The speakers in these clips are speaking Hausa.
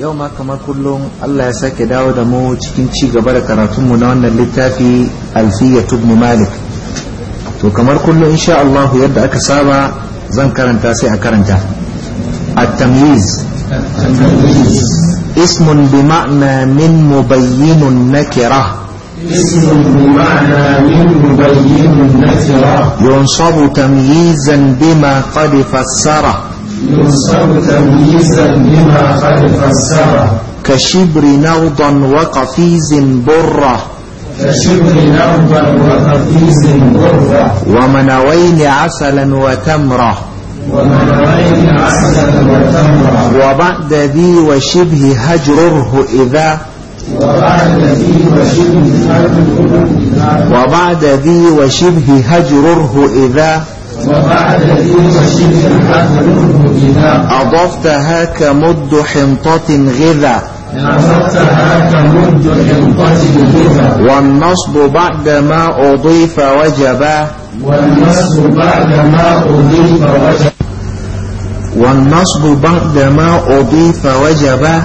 yau ma kamar kullum Allah ya sake dawo da mu cikin ci gaba da karatunmu na wannan littafi alfiya malik to kamar kullum insha Allah yadda aka saba zan karanta sai a karanta at-tamyiz ismun bi ma'na min mubayyinun nakirah اسم ينصب تمييزا بما قد فسره ينصب تمييزا بما قد فسره كشبر نوضا وقفيز برة كشبر نوضا وقفيز برة ومنوين عسلا وتمرة ومنوين عسلا وتمرة وبعد ذي وشبه هجره إذا وبعد ذي وشبه هجره إذا وبعد ذي وشبه حذره إذا أضفتها كمد حنطة غذا أضفتها كمد حنطة غذا والنصب بعد ما أضيف وجبا والنصب بعد ما أضيف وجبا والنصب بعد ما أضيف وجبا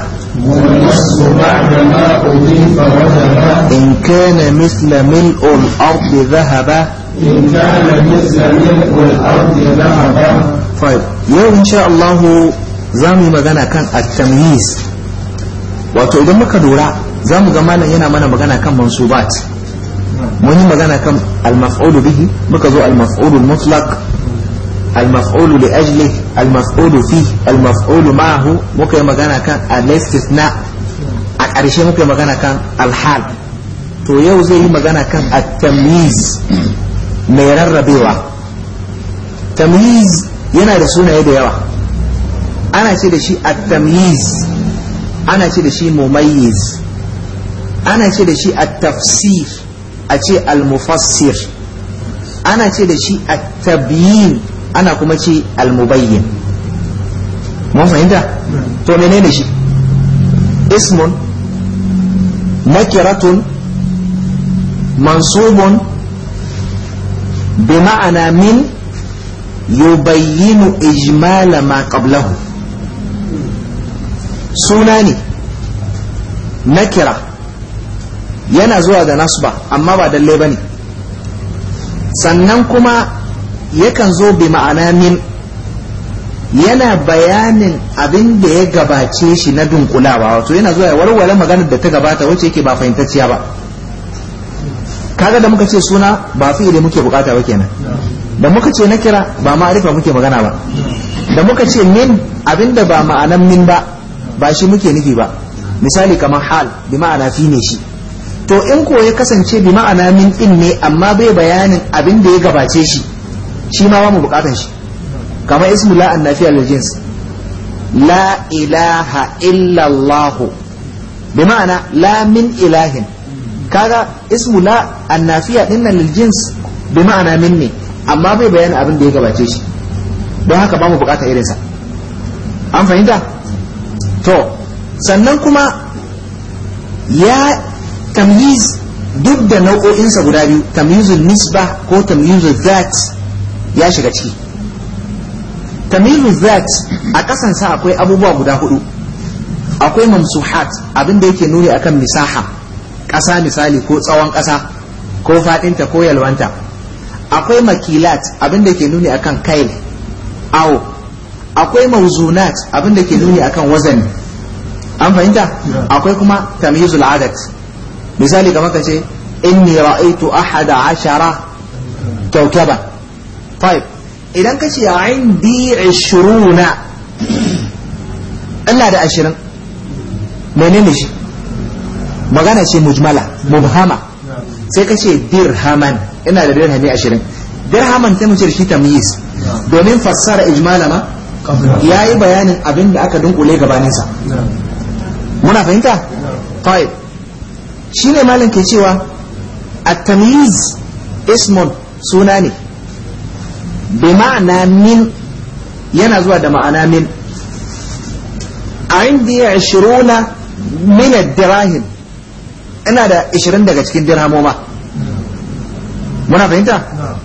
والنصب بعد ما أضيف وجبا إن كان مثل ملء الأرض ذهبا yau كان مثل الأرض ذهبا طيب magana kan at-tamyiz wato idan muka lura zamu ga malam yana mana magana kan mansubat mun yi magana kan al-maf'ul bihi muka zo al-maf'ul mutlaq al-maf'ul li ajli al-maf'ul fi al-maf'ul ma'ahu muka yi magana kan al-istithna a ƙarshe muka yi magana kan al-hal to yau zai yi magana kan at-tamyiz mai rarrabewa tamyiz yana da sunaye da yawa ana ce da shi at-tamyiz ana ce da shi mumayyiz ana ce da shi at-tafsir a ce al-mufassir ana ce da shi at-tabyin ana kuma ce al-mubayyin mun fahimta to menene shi ismun makiratun mansubun بمعنى من يبين إجمال ما قبله سوناني نكرة yana zuwa da nasba amma ba dalle ba ne sannan kuma yakan zo bi ma'ana min yana bayanin abinda ya gabace shi na dunkulawa wato yana zuwa ya warware maganar da ta gabata wacce yake ba fahimtacciya ba kaga da muka ce suna ba fi'ili muke bukata ba kenan da muka ce na kira ba ma'arifa muke magana ba da muka ce min abinda ba ma'anan min ba ba shi muke nufi ba misali kamar hal bi ma'ana fi ne shi to in ko ya kasance bi ma'ana min din ne amma bai bayanin abinda ya gabace shi shi ma ba mu bukatan shi kamar ismu la annafi jins la ilaha illa allah bi ma'ana la min ilahin kaga ismu la annafiya dinna lil jins bi ma'ana minni amma bai bayani abin da ya gabace shi don haka ba mu bukata irinsa an fahimta to sannan kuma ya tamyiz duk da nau'o'insa guda biyu tamyizul nisba ko tamyizul zat ya shiga ciki tamyizul zat a kasansa akwai abubuwa guda hudu akwai mamsuhat abin da yake nuni akan misaha ƙasa misali ko tsawon ƙasa ko faɗinta ko yalwanta akwai makilat abinda ke nuni akan kail awo akwai mawzunat abinda ke nuni akan wazani an fahimta akwai kuma tamyizul adad misali kamar ka ce inni ra'aytu ahada ashara kyautaba five idan ka ce indi 20 Allah da ashirin menene shi magana ce mujmala mubhama sai ka ce dirhaman ina da dirhami ashirin dirhaman sai mu ce shi tamyiz domin fassara ijmala ma yayi bayanin abin da aka dunkule gabanin sa muna fahimta طيب shine malam ke cewa at-tamyiz ismun ne bi ma'ana min yana zuwa da ma'ana min عندي عشرون من dirahim. ina da 20 daga cikin dirhamoma muna fahimta na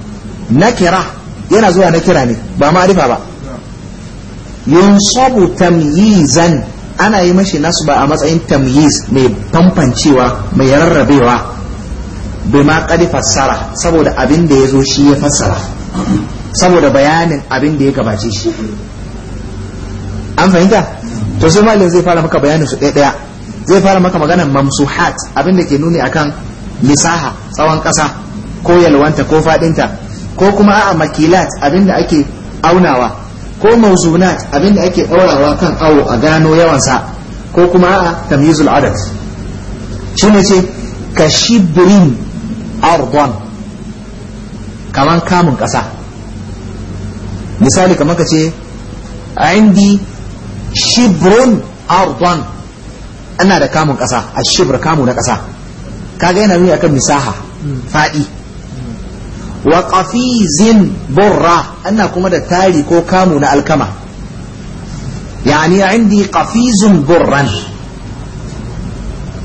nakira yana zuwa na nakira ne ba ma'arifa ba sabu tamyizan ana yi mashi nasu ba a matsayin tamyiz mai bambancewa mai rarrabewa ma kadi fassara saboda abin da zo shi ya fassara saboda bayanin abin da ya gabace shi an fahimta to sai malin zai fara maka bayanin su ɗaya ɗaya zai fara maka magana mamsuhat abinda ke nuni akan misaha tsawon kasa ko yalwanta ko faɗinta ko kuma a'a makilat abinda ake aunawa ko mauzunat abin da ake ɗaurawa kan awo a gano yawansa ko kuma a'a tamyizul adad shi ne ce ka shibrin ardon kaman kamun kasa misali kamar ka ce indi shibrun ardon ana da kamun ƙasa a shibir kamu na ƙasa kaga yana nuni akan misaha faɗi wa qafizin burra ana kuma da tari ko kamu na alkama yani indi qafizun burran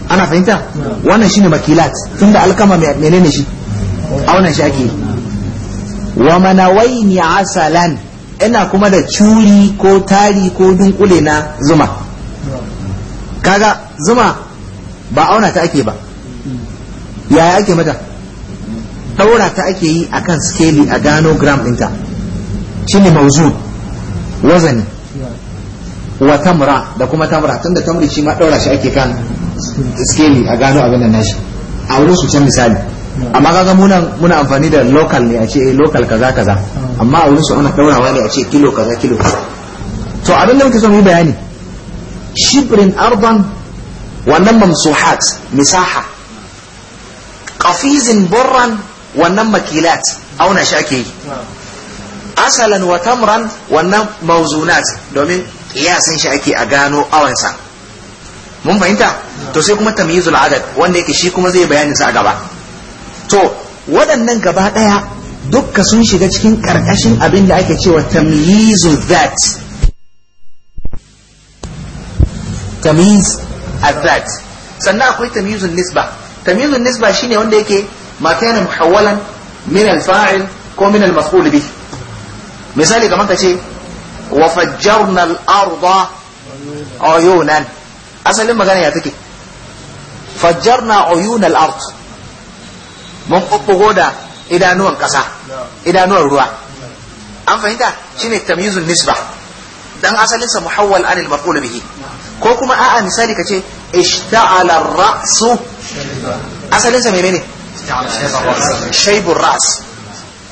ana fahimta wannan shine makilat tunda alkama menene shi wannan shi ake wa manawaini asalan ina kuma da curi ko tari ko dunkule na zuma kaga zuma ba auna ta ake ba yaya ake mata taura ta ake yi a kan skeli a gano gram ɗinta shi ne mauzun wazani wa tamra da kuma tamra tunda tamri shi ma daura shi ake kan skeli a gano abin da nashi a wurin su can misali amma kaga muna muna amfani da local ne a ce eh, local kaza kaza amma a wurin su ana ɗaurawa ne a ce kilo kaza kilo to abin da muke so mu yi bayani shibrin arban wannan mamsuhat misaha qafizin burran wannan makilat auna shi ake asalan wa tamran wannan mawzunat domin kiyasin shi ake a gano awansa mun fahimta to sai kuma tamyizul adad wanda yake shi kuma zai bayanin sa a gaba to waɗannan gaba ɗaya dukka sun shiga cikin ƙarƙashin abin da ake cewa tamyizul that tamyiz at that sannan akwai tamyizun nisba tamyizun nisba shine wanda yake ma kana muhawwalan min al-fa'il ko min al-maf'ul bih misali kamar kace wa fajjarna al-arda uyunan asalin magana ya take fajjarna uyun al-ard mun bubbugo da idanuwan kasa idanuwan ruwa an fahimta shine tamyizun nisba dan asalin sa muhawwal anil maf'ul bihi ko kuma a'a misali ka ce ishta'ala ra'su asalin sa menene shaybur ra's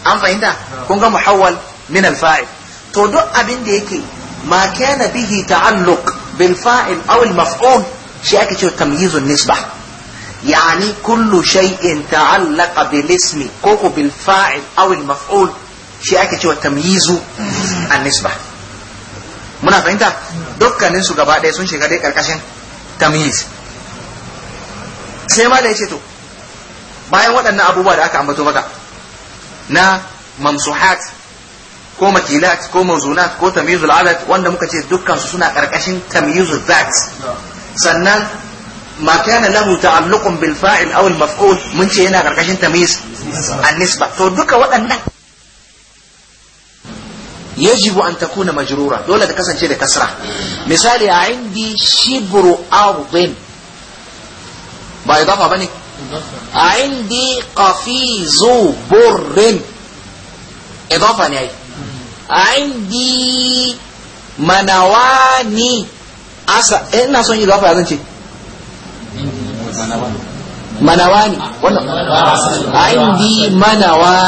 an fahimta kun ga muhawwal min al-fa'il to duk abin da yake ma kana bihi ta'alluq bil fa'il aw al maf'ul shi ake cewa tamyizun nisbah يعني كل شيء تعلق بالاسم كوكو بالفاعل maf'ul المفعول ake cewa tamyizu an النسبة منا فهمت dukkanin su gaba ɗaya sun shiga dai karkashin tamyiz sai ma da yace to bayan waɗannan abubuwa da aka ambato maka na mamsuhat ko makilat ko mawzunat ko tamyizul adad wanda muka ce dukkan su suna karkashin tamyizul zat sannan ma kana lahu ta'alluqun bil fa'il aw al maf'ul mun ce yana karkashin tamyiz an nisba to duka waɗannan yajibu an takuna majrura dole ta kasance da kasra misali a indi shibru ardin ba idafa bane ne ai a indi manawani asa eh, ina son idafa ya zance wannan indi manawa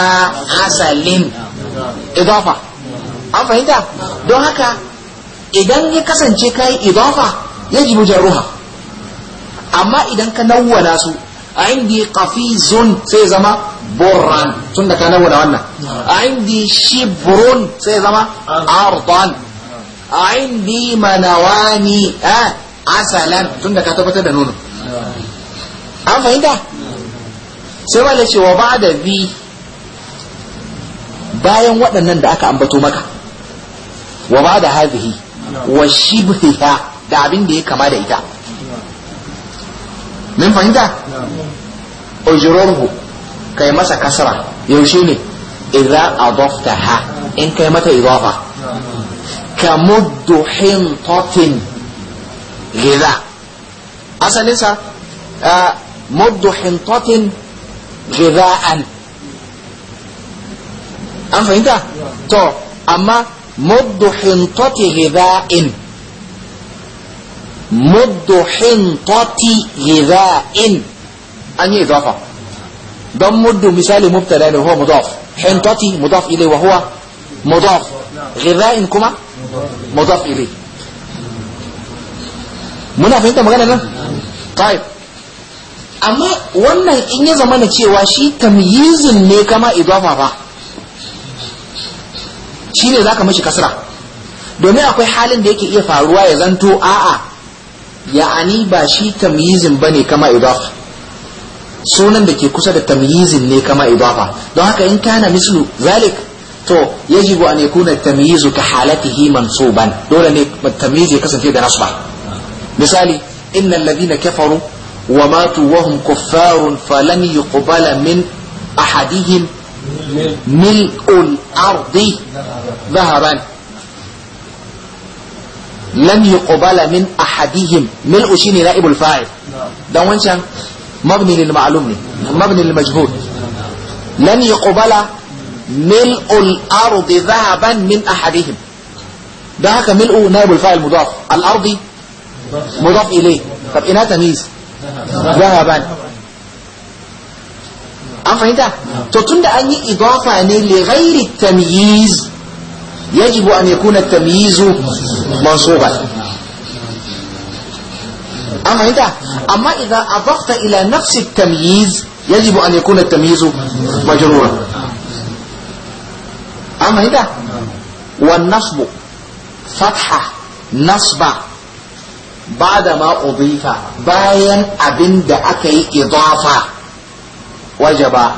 asalin idafa an fahimta don haka idan ya kasance ka yi idafa ya ji ruha amma idan ka nawwana su a indi qafizun sai zama burran tun da ka nawwana wannan a indi shibrun sai zama ardan a indi manawani a asalan tun da ka tabbatar da nono an fahimta sai wale ce ba da bi bayan waɗannan da aka ambato maka wa ba da hazihi wa shibhiha da abin da ya kama da ita min fahimta ujurumhu kai masa kasara. yaushe ne idza adaftaha in kai mata idafa ka muddu hintatin gida asalinsa muddu hintatin an. an fahimta to amma مد حنطة غذاء مد حنطة غذاء أن إضافة ضم مد مثال مبتدا وهو مضاف حنطة مضاف إليه وهو مضاف غذاء كما مضاف إليه muna fahimta magana nan طيب amma wannan in ya zama na cewa shi tamyizun ne kama idafa ba za ka mashi kasra domin akwai halin da yake iya faruwa ya zanto a'a ya'ani ba shi tamyizin ne kama idafa sunan da ke kusa da tamyizin ne kama idafa don haka in kana mislu zalik to yajibu an yakuna tamyizu ka halatihi mansuban dole ne tamyiz ya kasance da nasba misali innal ladina kafaru wa matu wa hum kuffarun falan yuqbala min ahadihim ملء الأرض ذهبا لن يقبل من أحدهم ملء شيني نائب الفاعل ده وانشان مبني للمعلوم مبني للمجهول لن يقبل ملء الأرض ذهبا من أحدهم ده هكا ملء نائب الفاعل مضاف الأرض مضاف إليه طب إنها تمييز ذهبا an fahimta to tunda an yi idafa ne li ghairi tamyiz yajibu an yakuna tamyizu mansuban an fahimta amma idan adafta ila nafsi tamyiz yajibu an yakuna tamyizu majrura an fahimta wan nasbu fatha nasba بعد ما أضيف باين أبن دعكي إضافة wajaba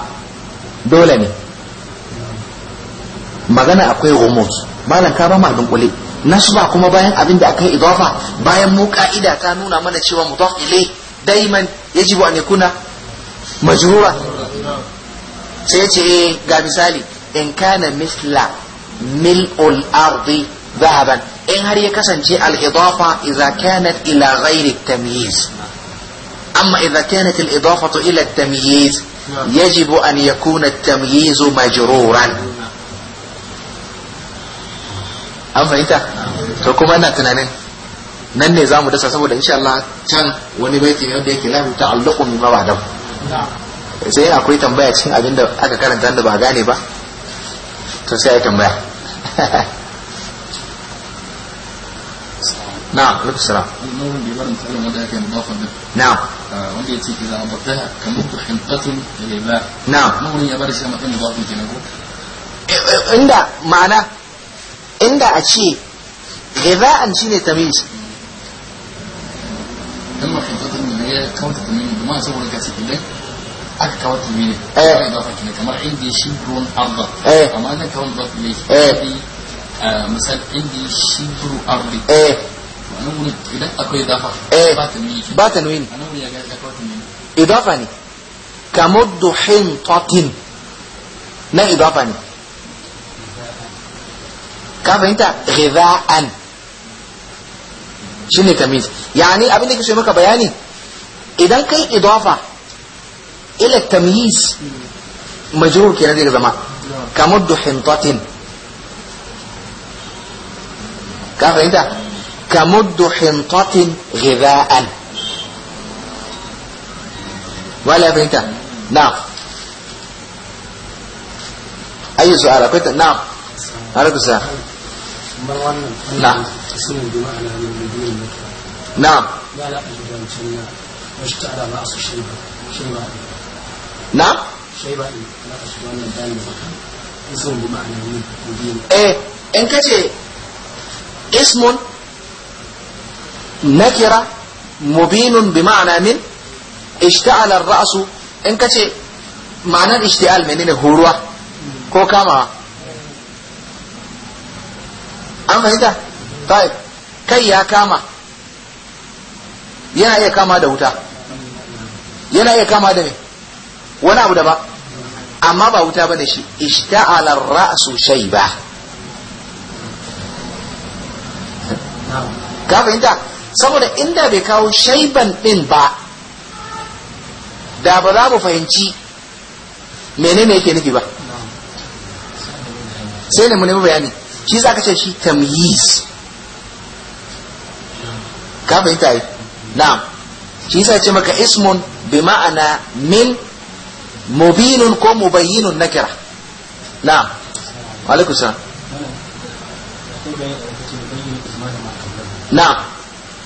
dole ne magana akwai homos malam ka ba ma dunkule ba kuma bayan abin da aka yi bayan mu ka'ida ta nuna mana cewa mudaf ilay daiman ji an kuna. majrura sai ce eh, ga misali in kana misla mil'ul ardi zahaban in har ya kasance al-idafa idza kanat ila ghairi tamyiz amma idza kanat al-idafatu ila at-tamyiz يجب أن يكون التمييز مجرورا an fahimta to kuma ina tunanin nan ne zamu dasa saboda insha Allah can wani baiti ne wanda yake lahu ta'alluqu min ma ba'dahu sai akwai tambaya cikin abinda aka karanta da ba gane ba to sai ai tambaya نعم عليك السلام النور اللي ورد مثلا وضعها كان مضافا نعم وليتي اذا اضفتها كنت حنطه لباء نعم نور يا بارش ما كان مضافا كان عند معنى عند اشي غذاء شنو تميز اما حنطه من هي كونت من ما صور لك سيدي اك كونت من ايه اضافه كان إيه. كمان إيه. عندي إيه. شي idan akwai idafa ba tanwini idafa ne kamuddu hintatin nan idafa ne ka fahimta ghidha'an shine tamiz yani abin da kike so maka bayani idan kai idafa ila tamyiz majrur kenan zai zama kamuddu hintatin ka fahimta كمد حنطة غذاء ولا بنت نعم أي سؤال كنت نعم عليك السلام نعم نعم لا لا أجد على رأس الشيبة شيبة نعم شيبة لا أجد أن الدائم اسم بمعنى مدين إيه إن اسم nakira mubinun bi ma'ana min ishta'ala ar-ra'su in kace ma'anar ishti'al menene horuwa ko kamawa an fahimta taib kai ya kama yana iya kama da wuta yana iya kama da me wani abu da ba amma ba wuta ba da shi ishta'ala ar-ra'su ka fahimta saboda inda bai kawo shaiban din ba da ba za mu fahimci menene yake nufi ba sai ne mu nemi bayani shi za ka ce shi tamyiz ka fahimta yi na'am shi za ce maka ismun bi ma'ana min mubinun ko mubayyinun nakira na'am na. salam na'am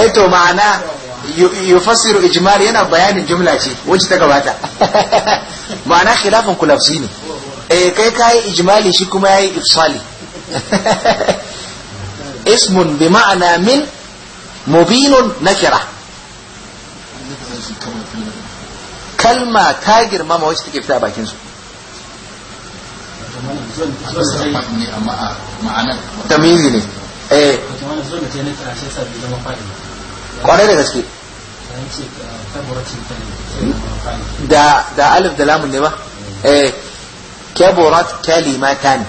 eh to ma'ana yufassiru ijmal yana bayanin jumla ce wacce ta gabata ma'ana khilafin kulafsi ne eh kai kai ijmali shi kuma yayi ifsali ismun bi ma'ana min mubinun nakira kalma ta girmama wacce take fita a bakin su tamizi ne eh kwanai da gaske da da alif da lamun ne ba eh kaburat kalimatan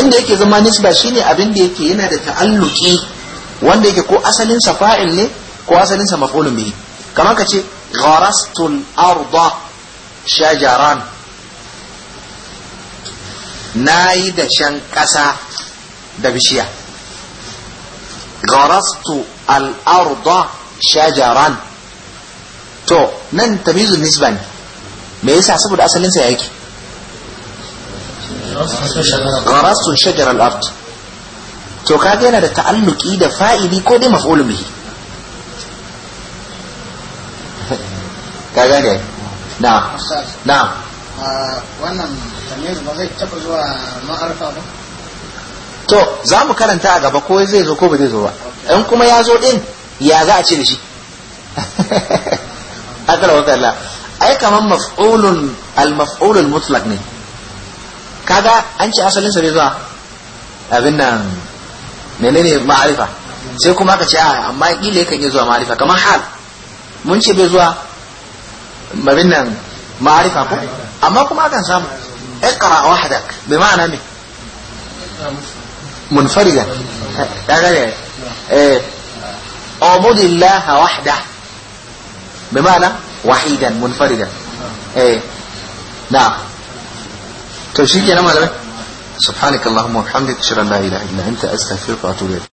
inda yake zama nisba shine abin da yake yana da ta'alluki wanda yake ko asalin sa fa'il ne ko asalin sa maf'ulun bihi kamar ka ce غرست الأرض شجرا نايد شنكسا دبشيا غرست الأرض شجرا تو نن تميز النسبة ما يسع سبب الأصل لنسى هيك غرست شجر الأرض تو kaga yana إيدا فائدي كودي مفعول به ka gane na na wannan tamiz ba zai taba zuwa ma'arfa ba to za mu karanta a gaba ko zai zo ko ba zai zo ba in kuma ya zo din ya za a ce da shi akala wakala ai kamar maf'ulun al-maf'ulul mutlaq ne kaga an ce asalin sa bai zuwa abin nan menene ma'arifa sai kuma aka ce amma kila yakan iya zuwa ma'arifa kamar hal mun ce bai zuwa مبنى معرفة كم أما كم أكن سام اقرأ وحدك بمعنى مي منفردا لا لا لا إيه، أعبد الله وحده بمعنى وحيدا منفردا إيه نعم تمشي كلامه سبحانك اللهم وبحمدك اشهد ان لا اله الا انت استغفرك واتوب اليك